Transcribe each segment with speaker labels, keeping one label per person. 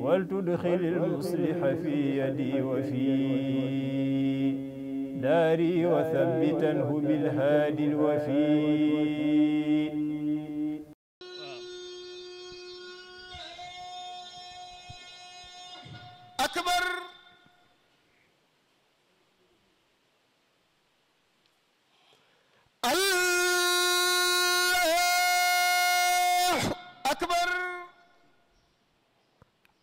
Speaker 1: ولتدخل المصلح في يدي وفي داري وثبته بالهادي الوفي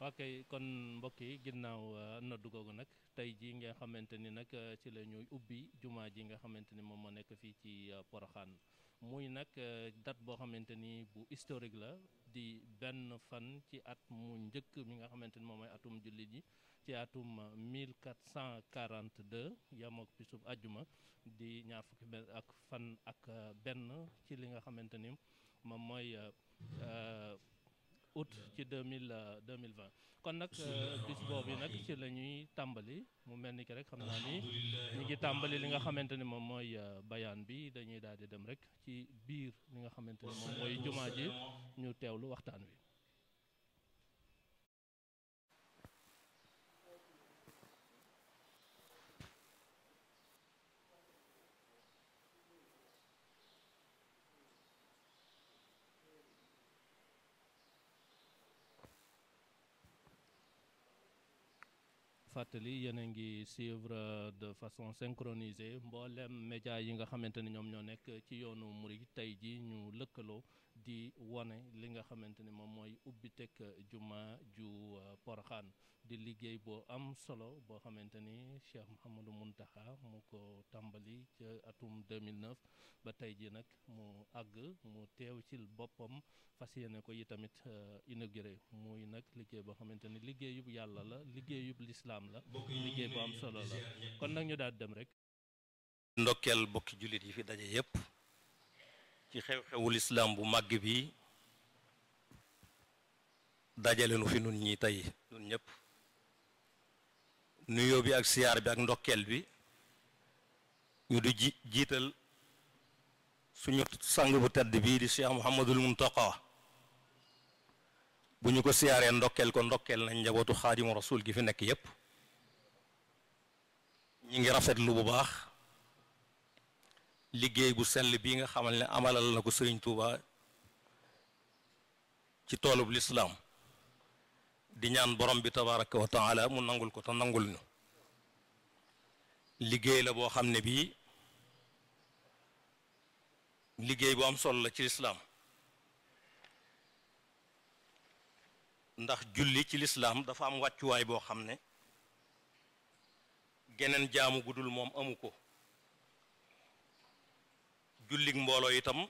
Speaker 2: ok kon mbokk yi ginnaaw euh, noddu googu nag tey jii nga xamante ni nag euh, ci lañuy ubbi jumaa ji nga xamante ni moom moo nekk fii ci euh, Poroxaan muy nag date boo xamante ni bu historique la di benn fan ci at mu njëkk mi nga xamante ni moom mooy atum jullit yi ci atum 1442 yamook bisub àjjuma di ñaar fukki ak benn ci li nga xamante ni moom mooy. août ci deux mille euh, deux mille vingt kon nag euh, bis boobu nag ci la ñuy tàmbali mu mel ni ki rek xam naa ni ñu ngi tàmbali li nga xamante ni moom mooy euh, bayaan bi dañuy daal di dem rek ci biir li nga xamante ni moom mooy jumaa ji ñu teewlu waxtaan wi. fàttali yéen a ngi suivre de façon synchronisée mboolem média yi nga xamante ni ñoom ñoo nekk ci yoonu murid tey ji ñu lëkkaloo di wane li nga xamante ni moom mooy ubbi teg uh, juma ju uh, Poroxaan di liggéey boo am solo boo xamante ni Cheikh Mouhamadou Mountakha mu ko tàmbali ci atum 2009 ba tey ji nag mu àgg mu teew ci boppam fas yéene ko yi tamit uh, inauguré muy nag liggéey boo xamante ni liggéeyub yàlla la liggéeyub lislaam la liggéey bu am solo la kon nag ñu daal dem rek ndokkeel
Speaker 3: bokki jullit yi fi daje yépp ci xew-xewul islaam bu màgg bi dajale nu fi nun ñi tey nun ñëpp nuyoo bi ak siyaar bi ak ndokkeel bi ñu di ji jiital suñu sang bu tedd bii di Cheikh Mouhamadul Muntaqa toqa ñu ko siyaaree ndokkeel ko ndokkeel nañ njabootu xaadimu rasul gi fi nekk yépp ñu ngi rafetlu bu baax liggéey bu sell bii nga xamal ne amalal na ko sëriñ Touba ci toolub lislaam di ñaan borom bi tabaraka mu nangul ko te nangul ñu liggéey la boo xam ne bii liggéey bu am solo la ci lislaam ndax julli ci lislaam dafa am wàccuwaay boo xam ne geneen jaamu gudul moom amu ko jullik mbooloo itam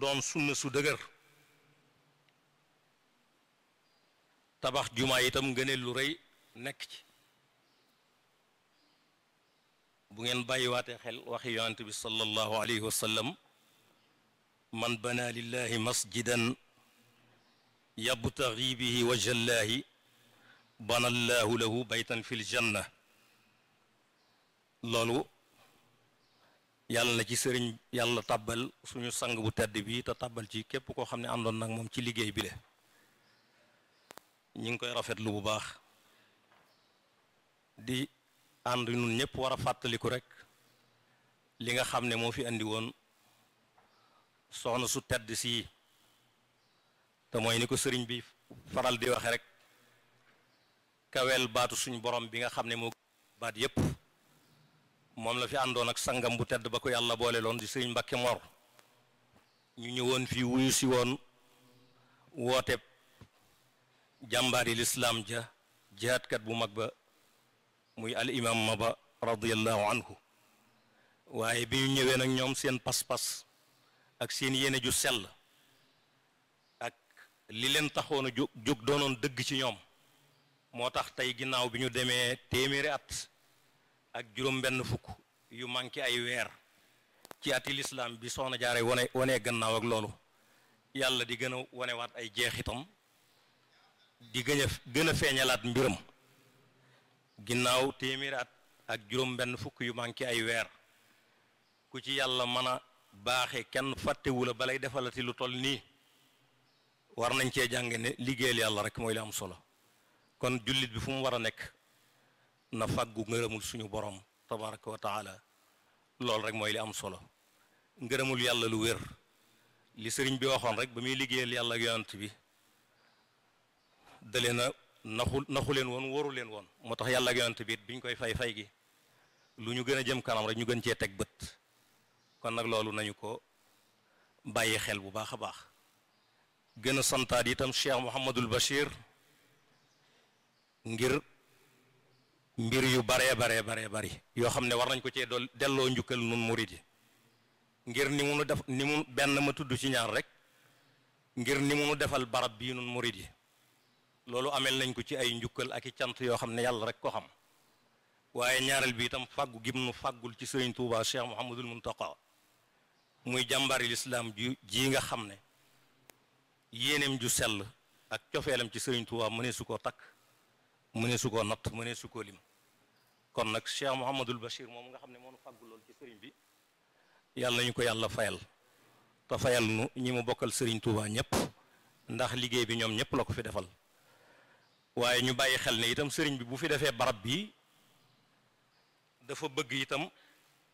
Speaker 3: doon sunna su dëgër tabax jumaa itam ngëneel lu rëy nekk ci bu ngeen bàyyiwaatee xel waxi yonante bi sallallahu alayhi wa man bana lillahi masjidan yabtaghi bihi wajhallaahi banallaahu lahu baytan fil janna loolu yàlla na ci sëriñ yàlla tàbbal suñu sang bu tedd bii te tàbbal ci képp koo xam ne àndoon nag moom ci liggéey bi le ñi ngi koy rafetlu bu baax di ànd ñun ñëpp war a fàttaliku rek li nga xam ne moo fi andi woon soxna su tedd sii te mooy ni ko sëriñ bi faral di waxe rek kaweel baatu suñu borom bi nga xam ne moo baat yépp moom la fi àndoon ak sangam bu tedd ba ko yàlla boole loon di sëriñ Mbàkke Mor ñu ñëwoon fii wuyu si woon woote jàmbaari lislaam ja jihaatkat bu mag ba muy al imam maba radiallahu anhu waaye bi ñu ñëwee nag ñoom seen pas-pas ak seen yéene ju sell ak li leen taxoon a jóg jóg doonoon dëgg ci ñoom moo tax tey ginnaaw bi ñu demee téeméeri at ak juróom benn fukk yu manqué ay weer ci ati lislaam bi soxna jaaree wone wane gannaaw ak loolu yàlla di gën a wanewaat ay jeexitam di gën a gën a feeñalaat mbiram ginnaaw téeméeri at ak juróom benn fukk yu manqué ay weer ku ci yàlla mën a baaxe kenn fàttewu la balay defalati lu toll nii war nañ cee jàng ne liggéeyal yàlla rek mooy li am solo kon jullit bi fu mu nekk na fàggu ngërëmul suñu borom tabaraka wa taala loolu rek mooy li am solo ngërëmul yàlla lu wér li sëriñ bi waxoon rek ba muy liggéeyal yàlla ak bi dale na naxu naxu leen woon waru leen woon moo tax yàlla ak yonent bi biñ koy fay fay gi lu ñu gën a jëm kanam rek ñu gën cee teg bët kon nag loolu nañu ko bàyyi xel bu baax a baax gën a santaat itam Cheikh Mouhamadul ngir mbir yu baree baree baree bari yoo xam ne war nañ ko cee dool delloo njukkal nun murid yi ngir ni munu def ni mu benn ma tudd ci ñaar rek ngir ni defal barab bii nun murid yi loolu amel nañ ko ci ay njukkal ak i cant yoo xam ne yàlla rek ko xam waaye ñaareel bi itam fàggu gim nu fàggul ci sëriñ Touba Cheikh Mouhamadul Muntaqa muy jàmbari lislaam ji nga xam ne yéeneem ju sell ak cofeelam ci sëriñ Touba mënee su koo takk mënee su koo natt mënee su koo lim kon nag Cheikh Mouhamadul Bachir moom nga xam ne moonu fàggu lool ci sëriñ bi yàlla nañu ko yàlla fayal te fayal nu ñi mu bokkal sëriñ Touba ñëpp ndax liggéey bi ñoom ñëpp la ko fi defal waaye ñu bàyyi xel ne itam sëriñ bi bu fi defee barab bi dafa bëgg itam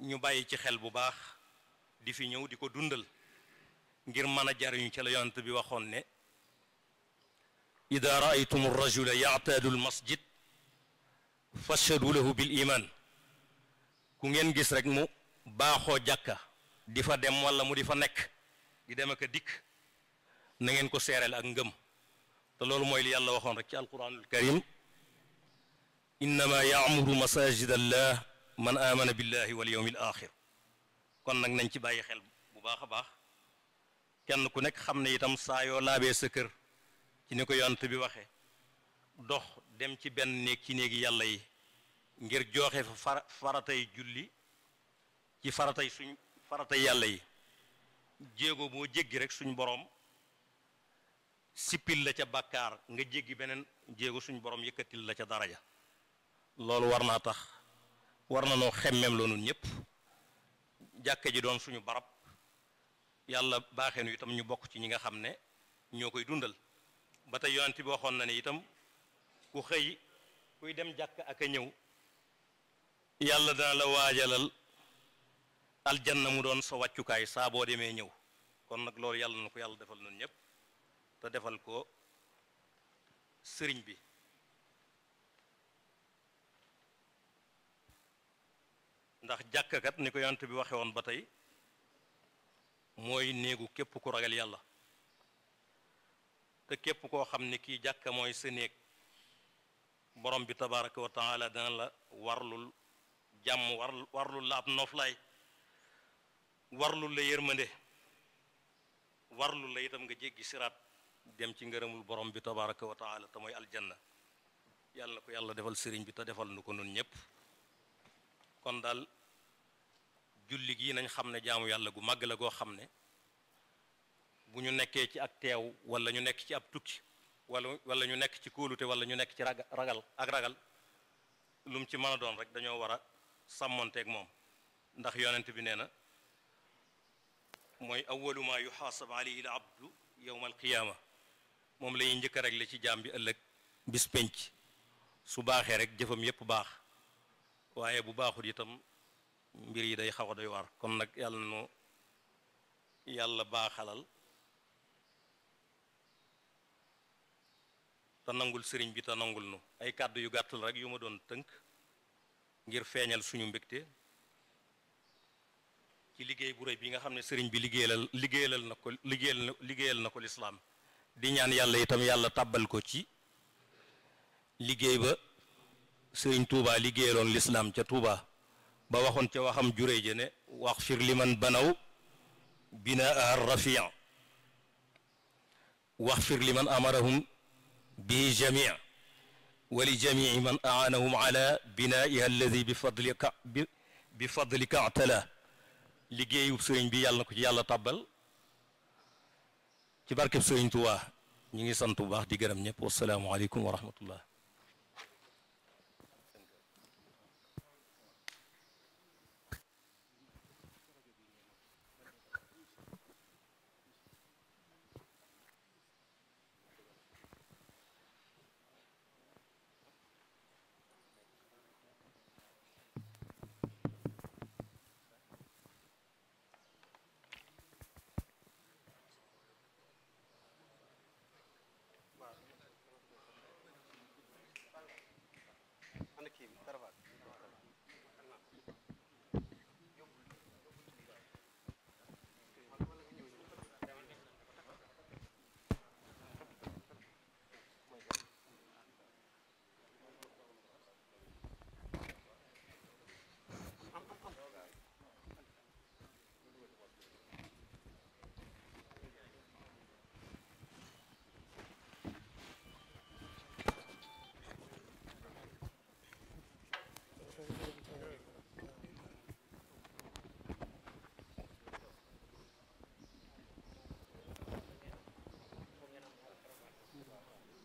Speaker 3: ñu bàyyi ci xel bu baax di fi ñëw di ko dundal ngir mën a jariñu ci la yonent bi waxoon ne ida raaytum rajula yaataadu al masjid fashadu lahu bi iman ku ngeen gis rek mu baaxoo jàkka di fa dem wala mu di fa nekk di dem ak dikk na ngeen ko seereel ak ngëm te loolu mooy li yàlla waxoon rek ci alquranul karim innama yaamuru masajid allah man amana billahi wal yawmil axir kon nag nañ ci bàyyi xel bu baax a baax kenn ku nekk xam ne itam saa yoo laabee sa kër ci ni ko yonent bi waxe dox dem ci benn néeg ci néegi yàlla yi ngir jooxe fa faratay julli ci faratay suñ farata yàlla yi jéego boo jéggi rek suñ boroom sippil la ca bàkkaar nga jéggi beneen jéego suñ boroom yëkkatil la ca daraja loolu war naa tax war na noo xemmem loonu ñëpp jàkka ji doon suñu barab yàlla baaxee nu itam ñu bokk ci ñi nga xam ne ñoo koy dundal ba tey yonent bi waxoon na ne itam ku xëy kuy dem jàkk ak a ñëw yàlla dana la waajalal na mu doon sa wàccukaay saaboo demee ñëw kon nag loolu yàlla na ko yàlla defal nun ñëpp te defal ko sëriñ bi ndax jàkkakat ni ko yonent bi waxe woon ba tey mooy néegu képp ku ragal yàlla te képp koo xam ne kii jàkka mooy sa néeg borom bi tabaraka wa dana la warlu jàmm war warlul la ab noflaay warlul la yërmande warlul la itam nga jéggi siraat dem ci ngërëmul borom bi tabaraka wa taala te mooy aljanna yàlla ko yàlla defal sëriñ bi te defal nu ko noonu ñépp kon daal julli gi nañ xam ne jaamu yàlla gu màgg la goo xam ne bu ñu nekkee ci ak teew wala ñu nekk ci ab tukki wala wala ñu nekk ci kóolute wala ñu nekk ci ragal ak ragal lum ci mën doon rek dañoo war a sàmmonteeg moom ndax yonent bi nee na mooy awwalu yu yuxaasab alayhi al abdu yowma alqiyaama moom lañuy ñuy njëkk rek la ci jaam bi ëllëg bis penc su baaxee rek jëfam yépp baax waaye bu baaxul itam mbir yi day xaw day doy waar kon nag yàlla nu yàlla baaxalal te nangul sëriñ bi te nangul nu ay kàddu yu gàttul rek yu ma doon tënk ngir feeñal suñu mbégte ci liggéey bu rëy bi nga xam ne sëriñ bi liggéeyal liggéeyal na ko liggéeyal liggéeyal na ko lislaam di ñaan yàlla itam yàlla tàbbal ko ci liggéey ba sëriñ Touba liggéeyaloon lislaam ca tuuba ba waxoon ca waxam juree ja ne wax fir liman banaw binaa ar rafian wax fir amarahum bihi jamii wa li jamii man aanahum ala binaiha alladi bi fadlika bi fadlika atala liggéeyub sëriñ bi yàlla na ko ci yàlla tàbbal ci barkeb sëriñ Tuubaa ñu ngi sant bu baax di gërëm ñëpp wasalaamualeykum wa rahmatullah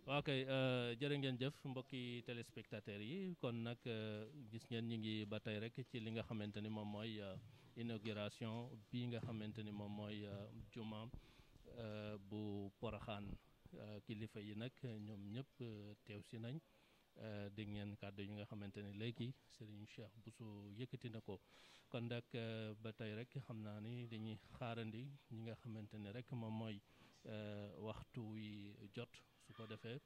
Speaker 2: waaw kay euh, jërë ngeen jëf mbokki téléspectateurs yi kon nag euh, gis ngeen ñu ngi ba tey rek ci li nga xamante ni moom mooy euh, inauguration bii nga xamante ni moom mooy juma bu Poroxaan kilifa yi nag ñoom ñëpp teew si nañ dégg ngeen kàddu yi nga xamante ni léegi Serigne Cheikh Bousso yëkkati na ko kon nag ba tey rek xam naa ni dañuy xaarandi ñi nga xamante ni rek moom mooy waxtu wi jot. su ko defee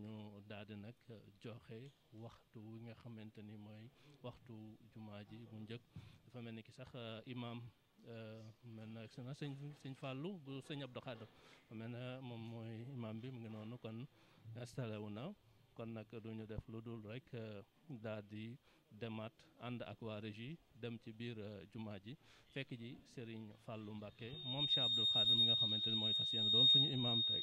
Speaker 2: ñu daal nag joxe waxtu wi nga xamante ni mooy waxtu jumaa ji bu njëkk dafa mel ni ki sax euh, imaam euh, mel na excellence sëñ sëñ Fallou bu sëñ Abdou Khadre mel na moom mooy imaam bi mu ngi noonu kon installé wu na kon nag du def lu dul rek euh, daal di demaat ànd ak waa régie dem ci biir jumaa ji fekk ji Serigne Fallou Mbacké moom Cheikh Abdou Khadre nga xamante ni mooy fas yéene doon suñu imaam tey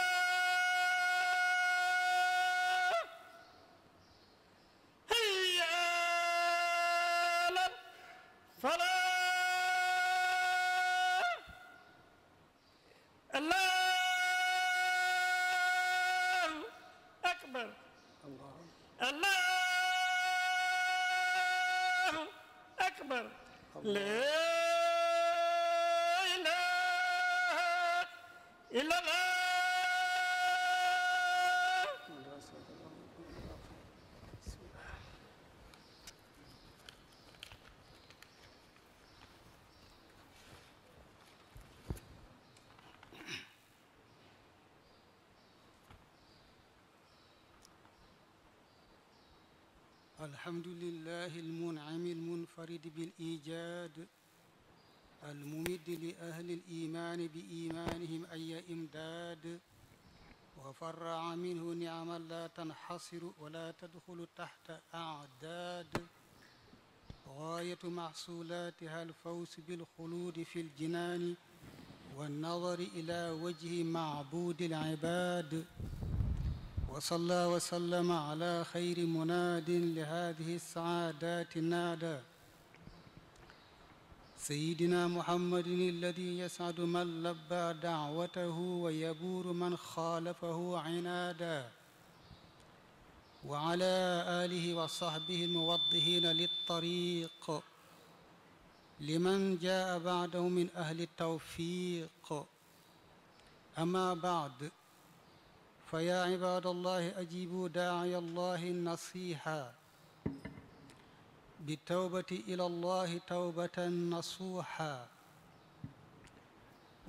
Speaker 4: le
Speaker 1: alhamdulilah almun'im almunfarid bilijad almumid li ahli aliman biimanihim aya imdad وفرع منه نعما لا تنحصر ولا تدخل تحت أعداد غاية محصولاتها الفوز بالخلود في الجنان والنظر إلى وجه معبود العباد وصلى وسلم على خير مناد لهذه السعادات نادى سيدنا محمد الذي يسعد من لبى دعوته ويبور من خالفه عنادا وعلى آله وصحبه الموضحين للطريق لمن جاء بعده من أهل التوفيق أما بعد فيا عباد الله أجيبوا داعي الله نصيحا بالتوبة إلى الله توبة نصوحا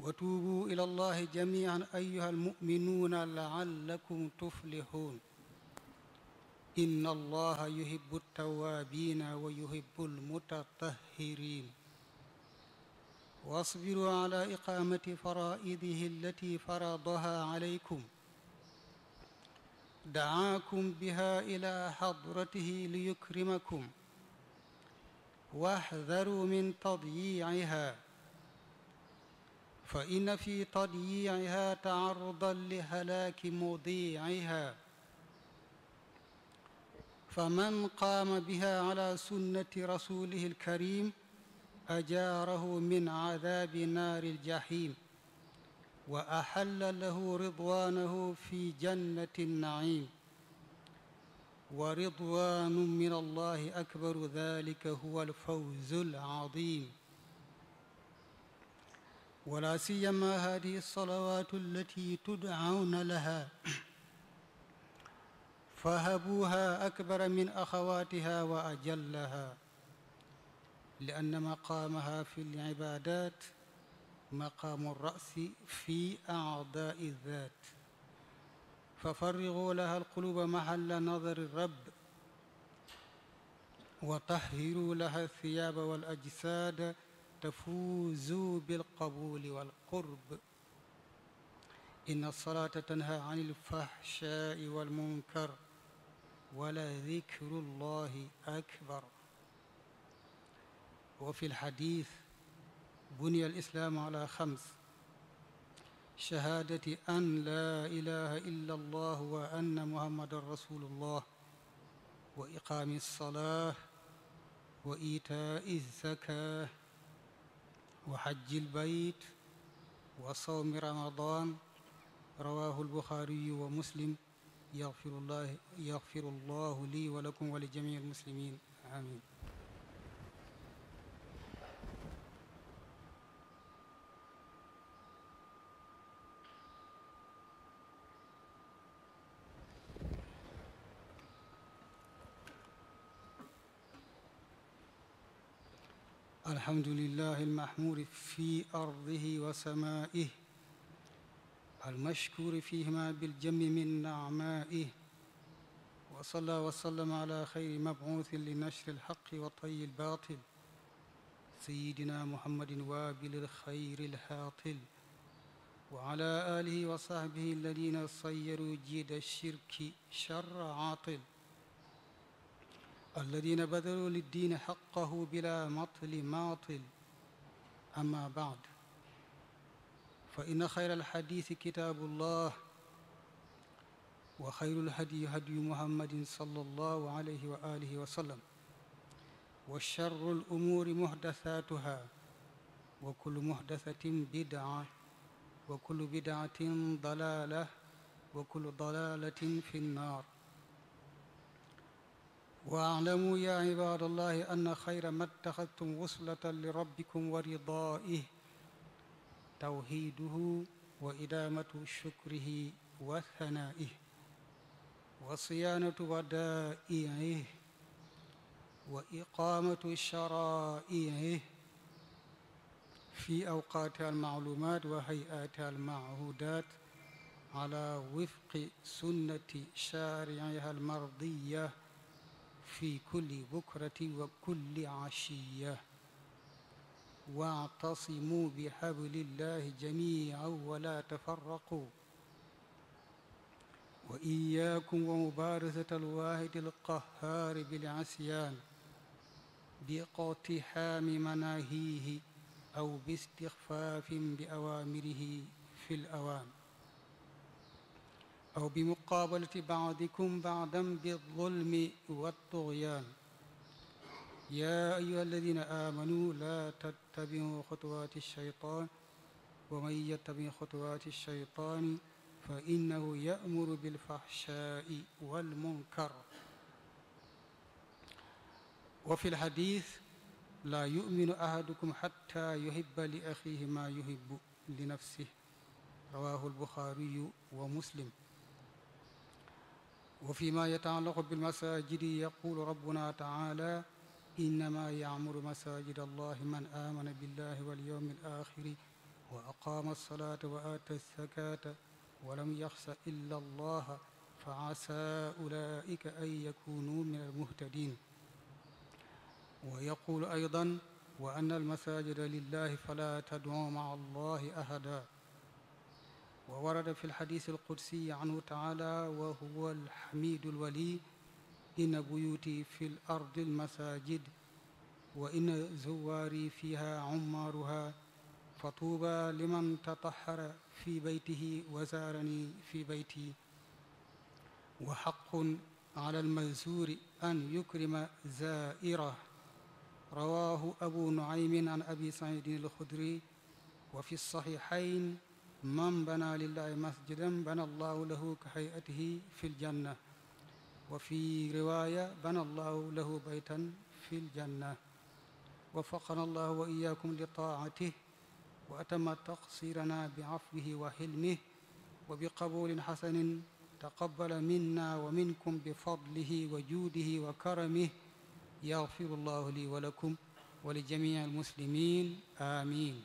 Speaker 1: وتوبوا إلى الله جميعا أيها المؤمنون لعلكم تفلحون إن الله يحب التوابين ويحب المتطهرين واصبروا على إقامة فرائضه التي فرضها عليكم دعاكم بها إلى حضرته ليكرمكم واحذروا من تضييعها فإن في تضييعها تعرضا لهلاك مضيعها فمن قام بها على سنة رسوله الكريم أجاره من عذاب نار الجحيم وأحل له رضوانه في جنة النعيم ورضوان من الله أكبر ذلك هو الفوز العظيم ولا سيما هذه الصلوات التي تدعون لها فهبوها أكبر من أخواتها وأجلها لأن مقامها في العبادات maqaamu rasi fi aadaai zaat fa farrigu laha alquluba mahalla nadari rab wa tahhiru laha thiyaaba wal ajsaada tafuuzu bilqabuli walqurb inna salaata tanha an ilfahshaai walmunkar wala dikru llahi akbar wa fi lxadis buniya alislaamu ala xams shahaadati an laa ilaha illa allah wa anna muhammadan rasulullah wa iqaami alsalaa wa itaai zaka wa xajji lbayt wa sawmi ramadan rawahu albuxaariyu wa muslim yaxfiru llah yaxfiru allahu lii wa lakum wa li jamii almuslimin amin الحمد لله المحمور في أرضه وسمائه المشكور فيهما بالجم من نعمائه وصلى وسلم على خير مبعوث لنشر الحق وطي الباطل سيدنا محمد وابل الخير الهاطل وعلى آله وصحبه الذين صيروا جيد الشرك شر عاطل alladina badalu liddiini xaqahu bila matli maatil amma baad fa inna xayra alxadiisi kitaabullah wa xayru lhadyi hadyu muhammadin sallallahu alayhi wa alihi wa sallam wa charru lumuuri muhdasaatuha wa kullu muhdasatin bidaa wa kullu bidaatin dalaala wa kullu dalaalatin fi nnaar واعلموا يا عباد الله أن خير ما اتخذتم وصلة لربكم ورضائه توحيده وإدامة شكره وثنائه وصيانة ودائعه وإقامة شرائعه في أوقاتها المعلومات وهيئاتها المعهودات على وفق سنة شارعها المرضية في كل بكرة وكل عشية واعتصموا بحبل الله جميعا ولا تفرقوا وإياكم ومبارزة الواحد القهار بالعصيان باقتحام مناهيه أو باستخفاف بأوامره في الأوان أو بمقابلة بعضكم بعضا بالظلم والطغيان يا أيها الذين آمنوا لا تتبعوا خطوات الشيطان ومن يتبع خطوات الشيطان فإنه يأمر بالفحشاء والمنكر وفي الحديث لا يؤمن أحدكم حتى يحب لأخيه ما يحب لنفسه رواه البخاري ومسلم wa fi ma yataallaqu bilmasajidi yaqulu rabbuna taala innama yaamuru masajid allah man amana billahi walyawmi alaxiri wa aqaama alsalata wa aata alzakata walam yaxsa illa allah fa asa ulaika an yakunu min almuhtadin wa yaqulu aydan wa anna almasajida lillahi fala tadcu maca allahi ahada wa warada fi lxadis alqudsiy anhu taala wa huwa alxamidu alwali inna buyuti fi l ardi almasajid wa inna zuwaari fiha ummaaruha fa tuuba liman tatahara fi baytihi wa zaarani fi bayti wa xaqun ala almansuuri an yukrima zaa'ira rawahu abu nuaymin an abi saidin alxudri wa fi saxiixayn man bana lillahi masjidan bana allahu lahu ka hayatihi fi ljanna wa fi riwaya bana allahu lahu baytan fi ljanna wafaqana allahu wa iyakum li taatih wa atama taqsirana bi afwihi wa hilmih wa bi qabulin xasanin taqabala minna wa minkum bi fadlihi wa juudihi wa karamih yaxfiru allahu li wa lakum wa li jamii almuslimin amin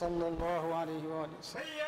Speaker 1: صلى الله عليه وآله وسلم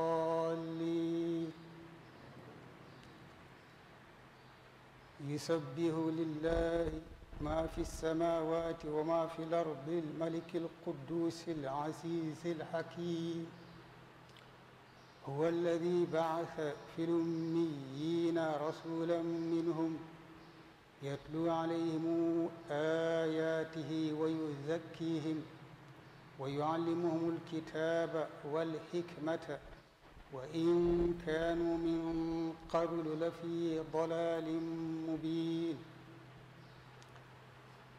Speaker 1: يسبه لله ما في السماوات وما في الأرض الملك القدوس العزيز الحكيم هو الذي بعث في الأميين رسولا منهم يتلو عليهم آياته ويزكيهم ويعلمهم الكتاب والحكمة وإن كانوا من قبل لفي ضلال مبين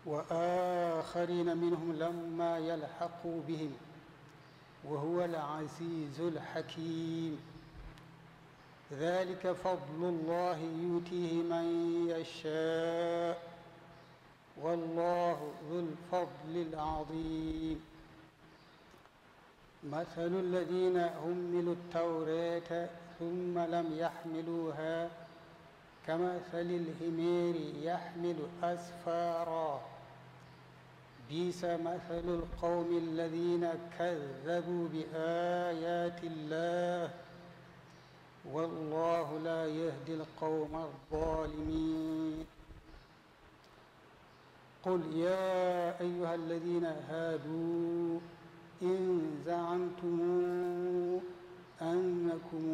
Speaker 1: وآخرين منهم لما يلحقوا بهم وهو العزيز الحكيم ذلك فضل الله يؤتيه من يشاء والله ذو الفضل العظيم مثل الذين حملوا التوراة ثم لم يحملوها كمثل الحمير يحمل أسفارا بئس مثل القوم الذين كذبوا بآيات الله والله لا يهدي القوم الظالمين قل يا أيها الذين هادوا إن زعمتم أنكم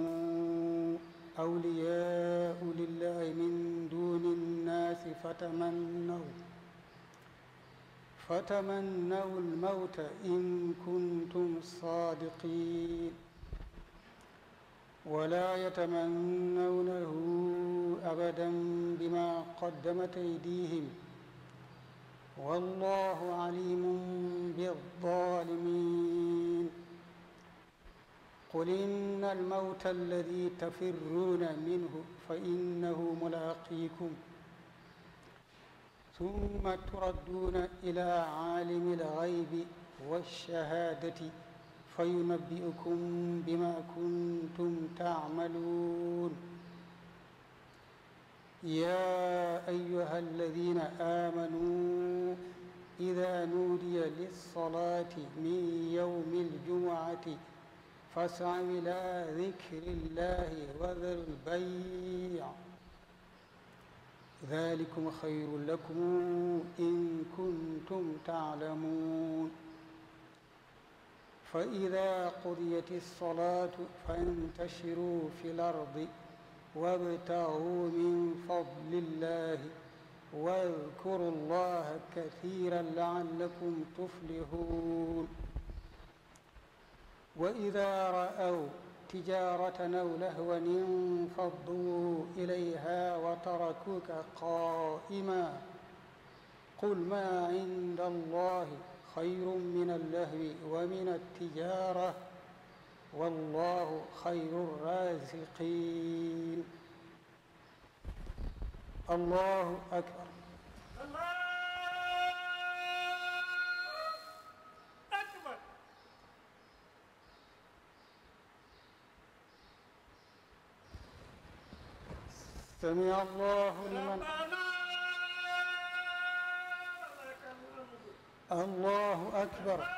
Speaker 1: أولياء لله من دون الناس فتمنوا فتمنوا الموت إن كنتم صادقين ولا يتمنونه أبدا بما قدمت أيديهم والله عليم بالظالمين قل إن الموت الذي تفرون منه فإنه ملاقيكم ثم تردون إلى عالم الغيب والشهادة فينبئكم بما كنتم تعملون يا أيها الذين آمنوا إذا نودي للصلاة من يوم الجمعة فاسعوا إلى ذكر الله وذر البيع ذلكم خير لكم إن كنتم تعلمون فإذا قضيت الصلاة فانتشروا في الأرض وابتغوا من فضل الله واذكروا الله كثيرا لعلكم تفلحون وإذا رأوا تجارة أو لهوا انفضوا إليها وتركوك قائما قل ما عند الله خير من اللهو ومن التجاره والله خير الرازقين الله أكبر الله أكبر سمع الله لمن الله أكبر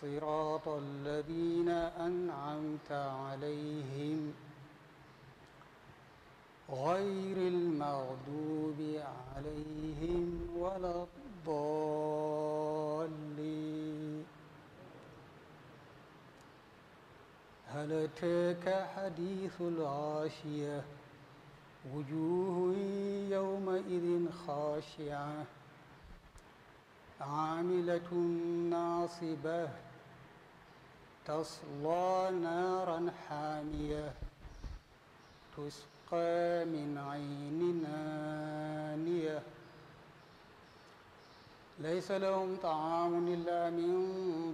Speaker 1: صراط الذين أنعمت عليهم غير المغضوب عليهم ولا الضالين هل أتاك حديث الغاشية وجوه يومئذ خاشعة عاملة ناصبة تصلى نارا حامية تسقى من عين آنية ليس لهم طعام إلا من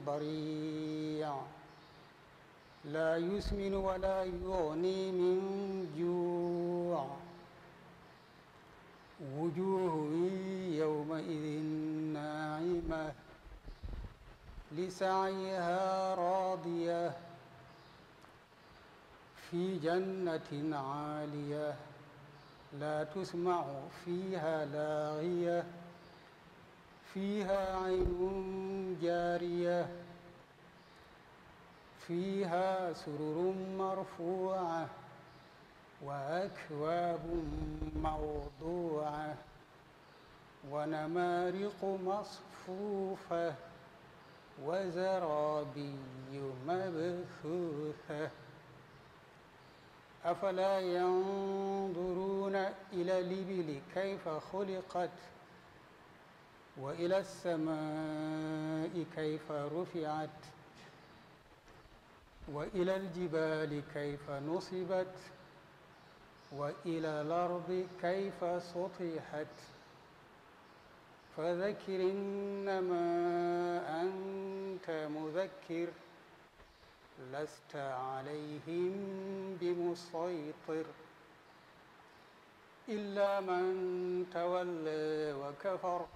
Speaker 1: ضريع لا يسمن ولا يغني من جوع وجوه يومئذ ناعمه لسعيها راضية في جنة عالية لا تسمع فيها لاغية فيها عين جارية فيها سرر مرفوعة وأكواب موضوعة ونمارق مصفوفة وزرابي مبثوثة أفلا ينظرون إلى الإبل كيف خلقت وإلى السماء كيف رفعت وإلى الجبال كيف نصبت وإلى الأرض كيف سطحت فذكر إنما أنت مذكر لست عليهم بمسيطر إلا من تولى وكفر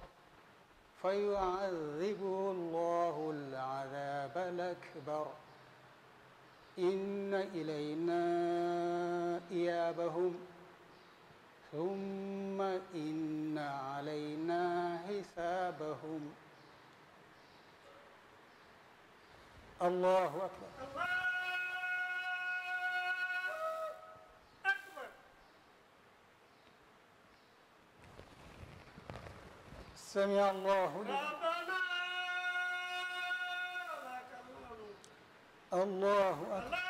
Speaker 1: فيعذبه الله العذاب الأكبر إن إلينا إيابهم ثم إن علينا حسابهم الله أكبر الله أكبر سمع الله لمن الله أكبر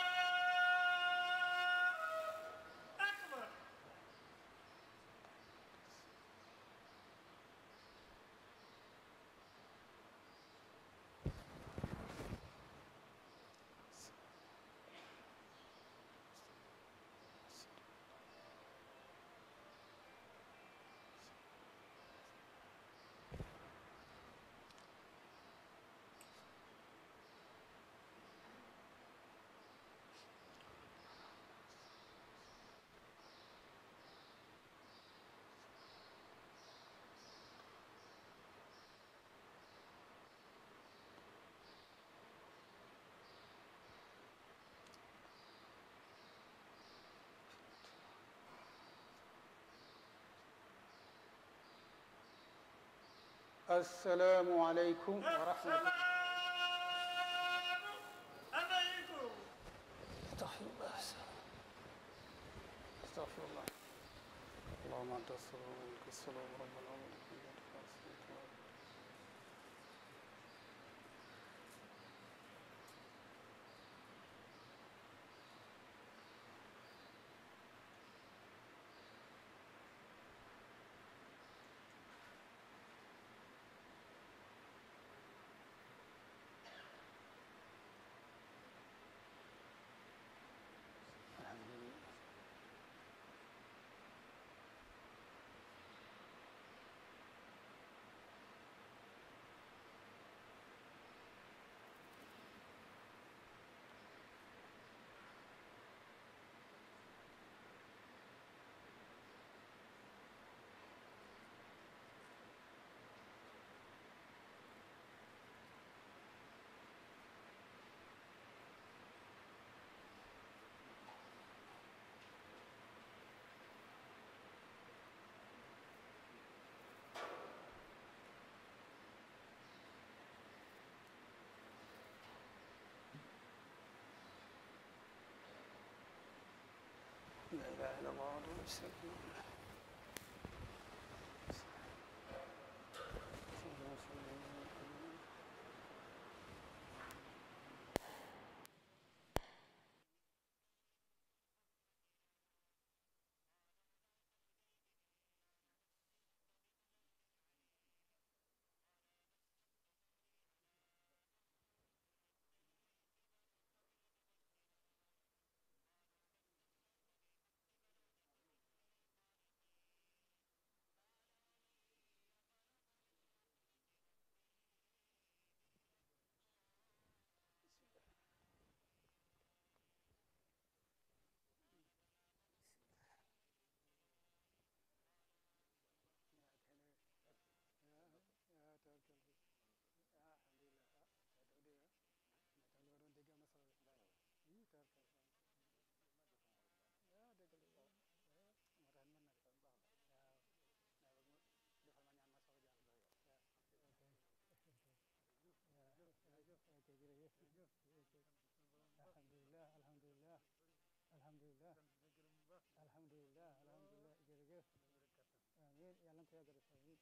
Speaker 1: asalaamualeykum wa rahmatulah. astaghfirullah astaghfirullah allahumma anta salaam wa minka salaam rabbana Absolutely. amiin yàlla na ko yàgg a def amiin